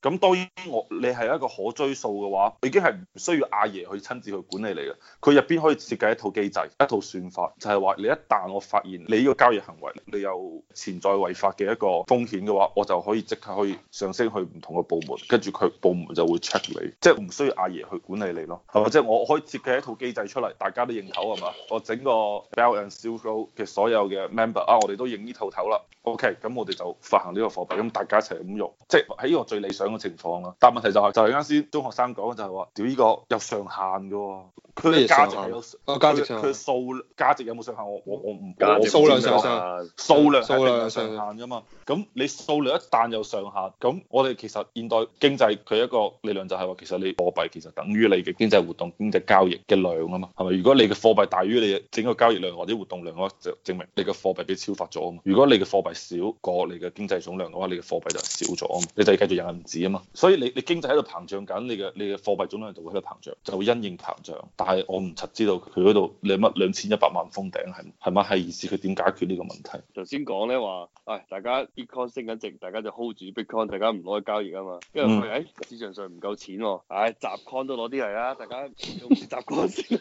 咁當然我你係一個可追數嘅話，已經係唔需要阿爺去親自去管理你嘅。佢入邊可以設計一套機制，一套算法，就係話你一旦我發現你呢個交易行為，你有潛在違法嘅一個風險嘅話，我就可以即刻可以上升去唔同嘅部門，跟住佢部門就會 check 你，即係唔需要阿爺去管理你咯，係嘛？即係我可以設計一套機制出嚟，大家都認頭係嘛？我整個 balance show 嘅所有嘅 member 啊，我哋都認呢套頭啦。OK，咁我哋就發行呢個貨幣，咁大家一齊咁用，即係喺呢個最理想個情況咯，但係問題就係、是、就係啱先中學生講嘅就係話，屌、這、呢個有上限嘅，佢嘅價值有，佢佢數價值有冇上限？我我我唔，我數價值 量上限，數量數量上限噶嘛？咁、啊、你數量，量一旦有上限，咁我哋其實現代經濟佢一個理論就係、是、話，其實你貨幣其實等於你嘅經濟活動、經濟交易嘅量啊嘛，係咪？如果你嘅貨幣大於你整個交易量或者活動量嘅話，就證明你嘅貨幣俾超發咗啊嘛。如果你嘅貨幣少過你嘅經濟總量嘅話，你嘅貨幣就少咗，嘛。你就要繼續有錢。啊嘛，所以你你經濟喺度膨脹緊，你嘅你嘅貨幣總量就會喺度膨脹，就會因應膨脹。但係我唔柒知道佢嗰度你乜兩千一百萬封頂，係係咪係意思？佢點解決呢個問題？頭先講咧話，唉、哎，大家 Bitcoin 升緊值，大家就 hold 住 Bitcoin，大家唔攞去交易啊嘛。因為佢喺、嗯哎、市場上唔夠錢喎、啊，唉、哎，集 con 都攞啲嚟啦，大家用集 con 先。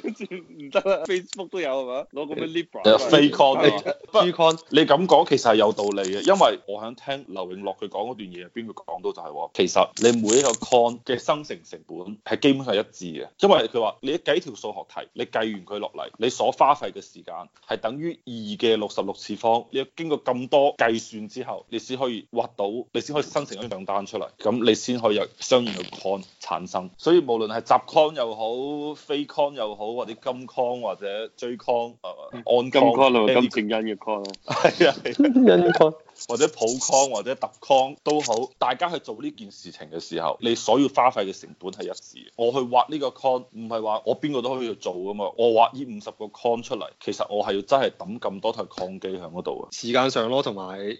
跟住唔得啦，Facebook 都有係嘛？攞個咩 Libra？誒 fake con 你咁講其實係有道理嘅，因為我想聽劉永樂佢講嗰段嘢入邊，佢講到就係話，其實你每一個 con 嘅生成成本係基本上一致嘅，因為佢話你一計條數學題，你計完佢落嚟，你所花費嘅時間係等於二嘅六十六次方。你經過咁多計算之後，你先可以挖到，你先可以生成張帳單出嚟，咁你先可以有相應嘅 con 產生。所以無論係集 con 又好又好，或者金礦，或者鉛礦，按金礦，啊，金正恩嘅礦，係啊，情人嘅礦。 或者普 c 或者特 c 都好，大家去做呢件事情嘅時候，你所要花費嘅成本係一時。我去挖呢個 con，唔係話我邊個都可以去做噶嘛。我挖呢五十個 con 出嚟，其實我係要真係抌咁多台礦機響嗰度啊。時間上咯，同埋誒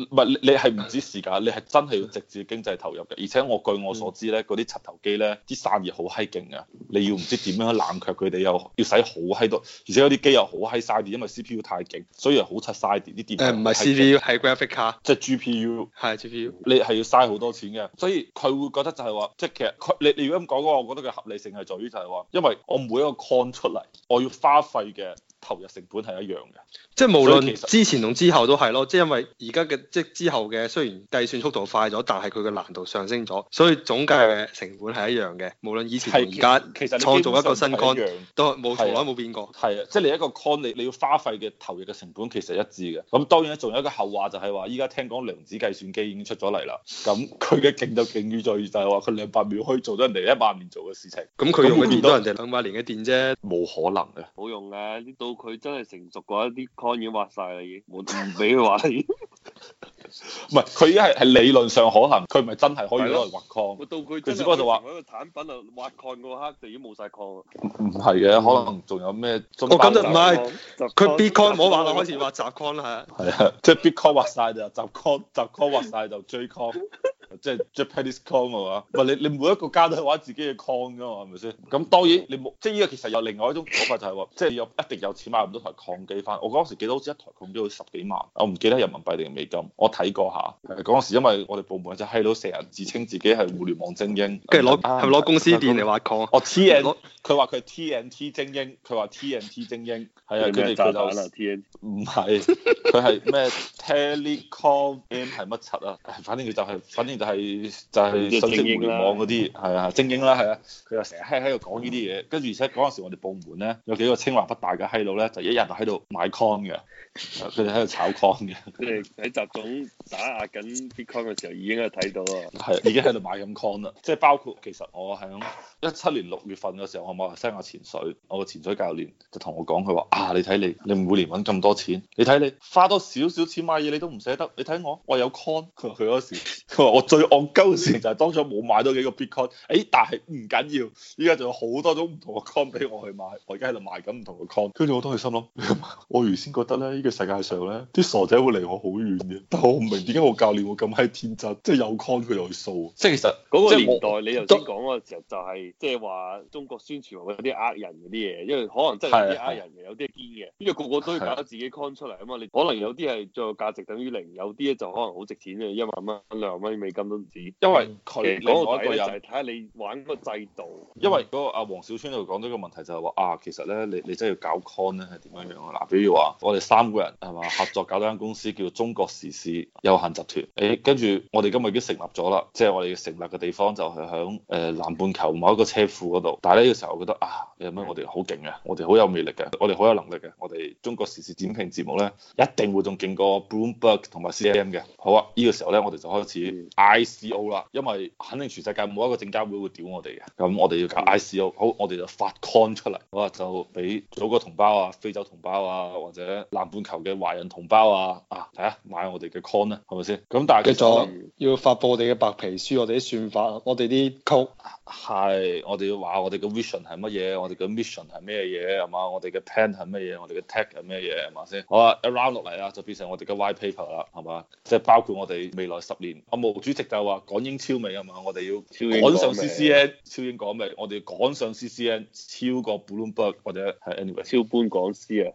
唔係，你係唔止時間，你係真係要直接經濟投入嘅。而且我據我所知咧，嗰啲七頭機咧，啲散熱好嗨勁啊，你要唔知點樣冷卻佢哋又要使好嗨多，而且嗰啲機又好嗨晒啲，因為 C P U 太勁，所以又好七晒啲啲。誒唔係 C P U 係。即係 G P U，係 G P U，你係要嘥好多錢嘅，所以佢會覺得就係話，即係其實佢你你如果咁講嘅話，我覺得佢合理性係在於就係話，因為我每一個 coin 出嚟，我要花費嘅。投入成本係一樣嘅，即係無論之前同之後都係咯，即係因為而家嘅即係之後嘅雖然計算速度快咗，但係佢嘅難度上升咗，所以總計嘅成本係一樣嘅，無論以前同而家。其實創造一個新 con 都冇從來冇變過。係啊，即係、啊就是、你一個 con，你你要花費嘅投入嘅成本其實一致嘅。咁當然仲有一個後話就係話，依家聽講量子計算機已經出咗嚟啦。咁佢嘅勁就勁於在於就係話佢兩百秒可以做到人哋一百年做嘅事情。咁佢、嗯、用嘅電都人哋兩百年嘅電啫，冇可能嘅。冇用嘅呢到佢真係成熟嘅話，啲 corn 已經挖晒啦，已經冇唔俾佢挖。唔係佢依家係理論上可能，佢唔係真係可以攞嚟挖礦。到佢，佢隻哥就話，佢個產品啊挖 c 礦嘅話，就已經冇晒 c 曬礦。唔係嘅，可能仲有咩？我咁就唔係佢 bitcoin 冇話，啦，開始挖雜礦啦嚇。係啊，即係 bitcoin 挖晒就 corn，雜礦，雜 n 挖晒就 jcoin。即係 Japanese con 啊嘛，唔係 你你每一個家都玩自己嘅 con 噶嘛，係咪先？咁當然你冇，即係呢個其實有另外一種講法就係、是、話，即係有一定有錢買唔到台礦機翻。我嗰時記得好似一台礦機都要十幾萬，我唔記得人民幣定美金。我睇過下，嗰時因為我哋部門就隻閪佬成日自稱自己係互聯網精英，跟住攞係攞公司電嚟挖礦。哦，T N，佢話佢係 T N T 精英，佢話 T N T 精英，係啊，跟住佢就 T N，t 唔係，佢係咩 Telecom M 係乜七啊？反正佢就係、是，反正、就是。反正就是就係就係信息互聯網嗰啲，係啊精英啦，係啊，佢又成日喺度講呢啲嘢，跟住而且嗰陣時我哋部門咧有幾個清華北大嘅閪佬咧，就一日喺度買 Con 嘅，佢哋喺度炒 Con 嘅。佢哋喺集總打壓緊啲 Con 嘅時候已經喺度睇到，係 已經喺度買緊 Con 啦。即係包括其實我喺一七年六月份嘅時候，我馬來西亞潛水，我個潛水教練就同我講，佢話啊，你睇你，你每年揾咁多錢，你睇你花多少少錢買嘢你都唔捨得，你睇我，我有 Con，佢話佢嗰時佢話我。最戇鳩嘅事就係當初冇買到幾個 Bitcoin，誒、欸，但係唔緊要，依家仲有好多種唔同嘅 coin 俾我去買，我而家喺度賣緊唔同嘅 coin，跟住我當佢心諗，我原先覺得咧，依、這個世界上咧，啲傻仔會離我好遠嘅，但係我唔明點解我教練會咁閪天真，即、就、係、是、有 coin 佢又去掃，即係其實嗰個年代是你頭先講嗰個時候正就係、是，即係話中國宣傳話有啲呃人嗰啲嘢，因為可能真係呃人嘅的，有啲係堅嘅，因為個個都要搞自己 coin 出嚟啊嘛，你的可能有啲係最後價值等於零，有啲咧就可能好值錢嘅，一萬蚊兩萬蚊美金。因為佢另外一個人睇下你玩個制度。因為嗰個阿黃小川又講到個問題就係話啊，其實咧你你真係要搞 con 咧係點樣樣啊？嗱，比如話我哋三個人係嘛，合作搞咗間公司叫中國時事有限集團。誒、欸，跟住我哋今日已經成立咗啦，即、就、係、是、我哋成立嘅地方就係喺誒南半球某一個車庫嗰度。但係呢、這個時候我覺得啊，咩我哋好勁啊，我哋好有魅力嘅，我哋好有能力嘅，我哋中國時事展評節目咧一定會仲勁過 Bloomberg 同埋 CM 嘅。好啊，呢、這個時候咧我哋就開始。嗯 I C O 啦，因為肯定全世界冇一個證監會會屌我哋嘅，咁我哋要搞 I C O，好，我哋就發 con 出嚟，好哇，就俾祖國同胞啊、非洲同胞啊，或者南半球嘅華人同胞啊，啊，睇下買我哋嘅 con 啦，係咪先？咁但係繼續要發布我哋嘅白皮書，我哋啲算法，我哋啲 code 係，我哋要話我哋嘅 vision 係乜嘢，我哋嘅 mission 係咩嘢，係嘛？我哋嘅 plan 係乜嘢？我哋嘅 tech 係咩嘢？係咪先？好啊，around 落嚟啦，here，就變成我哋嘅 white paper 啦，係嘛？即係包括我哋未來十年，主席就話趕英超美啊嘛，我哋要，要趕上 CCN 超英趕美，我哋趕上 CCN 超過 Bloomberg 或者係 Anyway 超搬講師啊，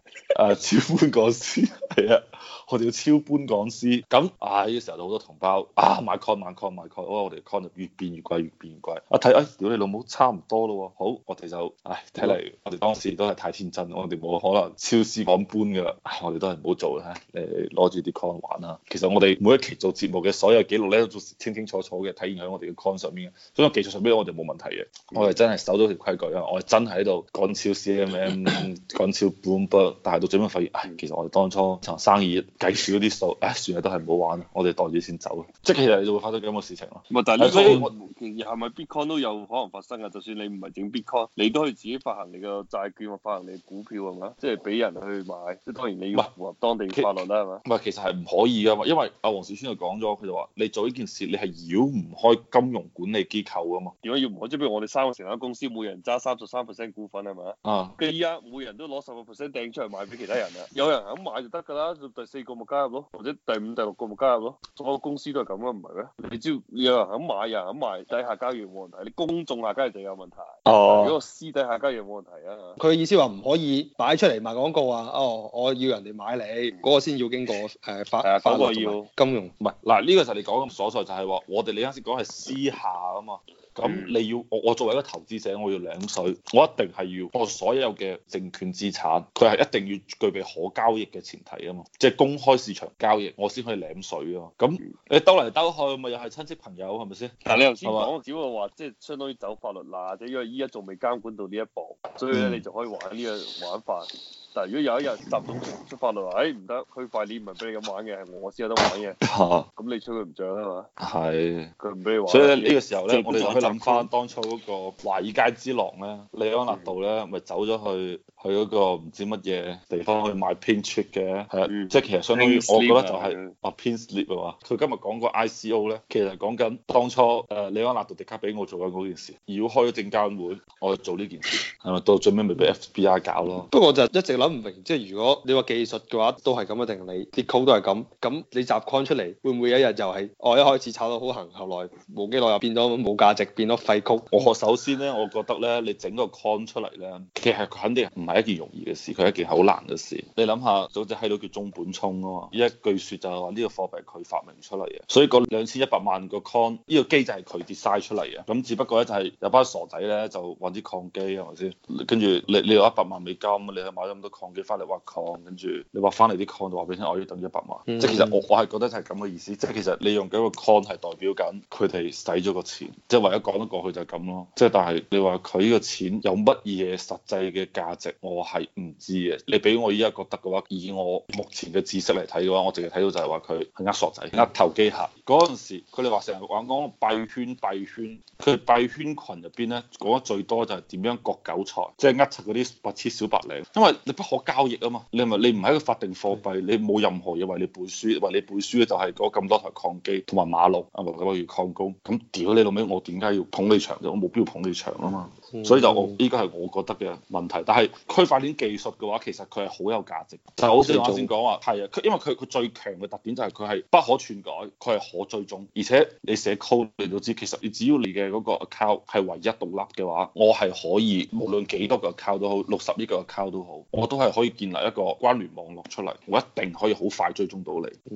誒超搬講師係啊，我哋要超搬講師。咁啊呢個時候就好多同胞啊買 Coin 買 Coin 買 Coin，我哋 Coin 越變越貴越變越貴。我睇誒屌你老母差唔多咯喎，好我哋就唉睇嚟我哋當時都係太天真，我哋冇可能超師講搬噶啦，我哋都係唔好做啦，誒攞住啲 Coin 玩啦，啊。其實我哋每一期做節目嘅所有記錄咧都做。清清楚楚嘅體現喺我哋嘅 con 上面，所以技術上面我哋冇問題嘅。嗯、我哋真係守到條規矩啊！我哋真係喺度趕超 CMM，趕超 Bloomberg 但係到最尾發現，唉，其實我哋當初從生意計算嗰啲數，唉，算係都係唔好玩啦，我哋袋住先走啊！即係其實你就會發生咁嘅事情咯。但係如果你係咪 Bitcoin 都有可能發生噶？就算你唔係整 Bitcoin，你都可以自己發行你嘅債券或發行你嘅股票係嘛？即係俾人去買，即係當然你要符合當地法律啦係嘛？唔係，其實係唔可以㗎嘛，因為阿黃小川就講咗，佢就話你做呢件事。你係繞唔開金融管理機構噶嘛？如果要唔開？即係譬如我哋三個成間公司，每人揸三十三 percent 股份係咪啊？啊！跟住依家每人都攞十個 percent 掟出嚟賣俾其他人啊！有人肯買就得㗎啦，第四個咪加入咯，或者第五、第六個咪加入咯。所有公司都係咁啊，唔係咩？你只要有人肯買啊，肯買底下交易冇問題，你公眾下交易就有問題。哦。如果私底下交易冇問題啊。佢意思話唔可以擺出嚟賣廣告啊！哦，我要人哋買你嗰、嗰個先要經過誒法，包、呃、括、啊那個、要金融唔係嗱，呢、這個就係你講咁瑣碎。就係話我哋你啱先講係私下啊嘛。咁、嗯、你要我我作為一個投資者，我要領水，我一定係要我所有嘅證券資產，佢係一定要具備可交易嘅前提啊嘛，即係公開市場交易，我先可以領水啊嘛。咁你兜嚟兜去，咪又係親戚朋友係咪先？但你頭吧先講只係話，即係相當於走法律嗱，即因為依家仲未監管到呢一步，所以咧你就可以玩呢樣玩法。嗯、但係如果有一日執到出法律話，誒唔得，佢假啲唔係俾你咁玩嘅，我先有得玩嘅。咁、啊啊、你出去唔漲啊嘛？係是。佢唔俾你玩。所以呢個時候咧，我哋諗翻當初嗰個華爾街之狼咧，李 mm hmm. 安納度咧，咪走咗去。去嗰個唔知乜嘢地方去買 Pinchick 嘅，係啊，即係、嗯、其實相當於我覺得就係、是嗯、啊 p i n c h l i t 啊嘛。佢今日講個 ICO 咧，其實講緊當初誒李、呃、安納度迪卡俾我做緊嗰件事，如果開咗證監會，我就做呢件事，係咪 到最尾咪俾 FBI 搞咯？不過我就一直諗唔明，即係如果你話技術嘅話，都係咁嘅定理，啲 c a 都係咁，咁你集 con 出嚟，會唔會有一日又係我一開始炒到好行，後來冇幾耐又變咗冇價值，變咗廢曲？我首先咧，我覺得咧，你整個，個 con 出嚟咧，其實佢肯定唔係。係一件容易嘅事，佢係一件好難嘅事。你諗下，早就喺度叫中本聰啊嘛，一句説就係話呢個貨幣佢發明出嚟嘅，所以嗰兩千一百萬個 coin 呢個機制係佢跌曬出嚟嘅。咁只不過咧就係有班傻仔咧就搵啲礦機係咪先？跟住你你有一百萬美金，你去買咗咁多礦機返嚟挖礦，跟住你挖返嚟啲 coin 就話俾你聽，我要等一百萬。嗯、即係其實我我係覺得就係咁嘅意思，即係其實你用緊個 coin 係代表緊佢哋使咗個錢，即係唯一講得過去就係咁咯。即係但係你話佢呢個錢有乜嘢實際嘅價值？我係唔知嘅，你俾我依家覺得嘅話，以我目前嘅知識嚟睇嘅話，我淨係睇到就係話佢係呃傻仔，呃投機客。嗰陣時，佢哋話成日玩講幣圈幣圈，佢幣，幣圈群入邊咧講得最多就係點樣割韭菜，即係呃曬嗰啲白痴小白領，因為你不可交易啊嘛，你係咪你唔係一個法定貨幣，你冇任何嘢為你背書，為你背書咧就係攞咁多台礦機同埋馬六啊，或者譬如礦工，咁屌你老味，我點解要捧你場啫？我冇必要捧你場啊嘛。嗯、所以就我依家係我覺得嘅問題，但係區塊鏈技術嘅話其實佢係好有價值。就好似頭先講話，係啊、嗯，佢因為佢佢最強嘅特點就係佢係不可篡改，佢係可追蹤，而且你寫 code 你都知，其實你只要你嘅嗰個 account 係唯一獨立嘅話，我係可以無論幾多個 account 都好，六十億個 account 都好，我都係可以建立一個關聯網絡出嚟，我一定可以好快追蹤到你。哦、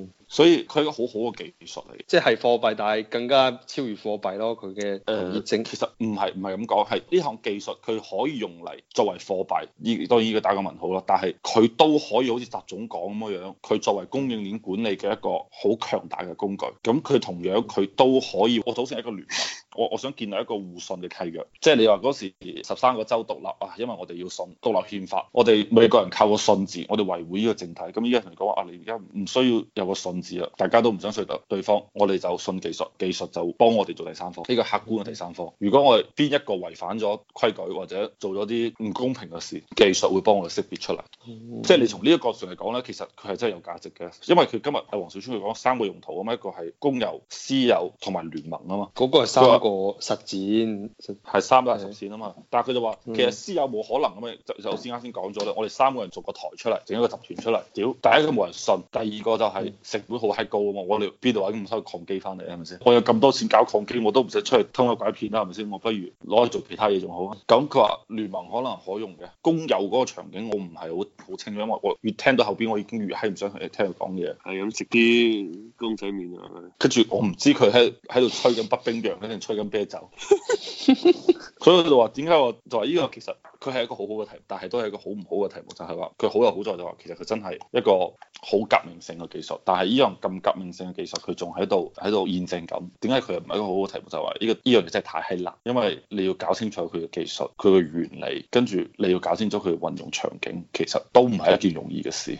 嗯，所以佢係一個好好嘅技術嚟。即係貨幣，但係更加超越貨幣咯，佢嘅熱情其實唔係唔係咁。講係呢項技術，佢可以用嚟作為貨幣，依當然依個打個問號啦。但係佢都可以好似習總講咁樣，佢作為供應鏈管理嘅一個好強大嘅工具。咁佢同樣佢都可以，我組成一個聯盟。 我我想建立一個互信嘅契約，即係你話嗰時十三個州獨立啊，因為我哋要信獨立憲法，我哋美國人靠個信字，我哋維護呢個政體。咁依家同你講話啊，你而家唔需要有個信字啦，大家都唔想信得對方，我哋就信技術，技術就幫我哋做第三方，呢個客觀嘅第三方。如果我哋邊一個違反咗規矩或者做咗啲唔公平嘅事，技術會幫我哋識別出嚟。即係、嗯、你從呢一個角度嚟講呢，其實佢係真係有價值嘅，因為佢今日係黃小川去講三個用途啊嘛，一個係公有、私有同埋聯盟啊嘛。嗰個係三個。個實踐係三大實踐啊嘛，嗯、但係佢就話其實私有冇可能咁樣，就就好啱先講咗啦，我哋三個人做個台出嚟，整一個集團出嚟，屌第一個冇人信，第二個就係、是、成本好閪高啊嘛，我哋邊度揾咁多礦機翻嚟啊？係咪先？我有咁多錢搞礦機，我都唔使出去偷呃拐騙啦，係咪先？我不如攞去做其他嘢仲好啊。咁佢話聯盟可能可用嘅，公有嗰個場景我唔係好好清楚，因為我越聽到後邊，我已經越係唔想聽佢講嘢。係咁，食啲公仔麵啊。跟住我唔知佢喺喺度吹緊北冰洋，定吹？飲啤酒， 所以就話點解我就話呢個其實佢係一個好好嘅題目，但係都係一個好唔好嘅題目，就係話佢好有好在就話，其實佢真係一個好革命性嘅技術，但係呢樣咁革命性嘅技術，佢仲喺度喺度驗證緊。點解佢又唔係一個好好嘅題目？就係話呢個呢樣嘢真係太係難，因為你要搞清楚佢嘅技術、佢嘅原理，跟住你要搞清楚佢嘅運用場景，其實都唔係一件容易嘅事。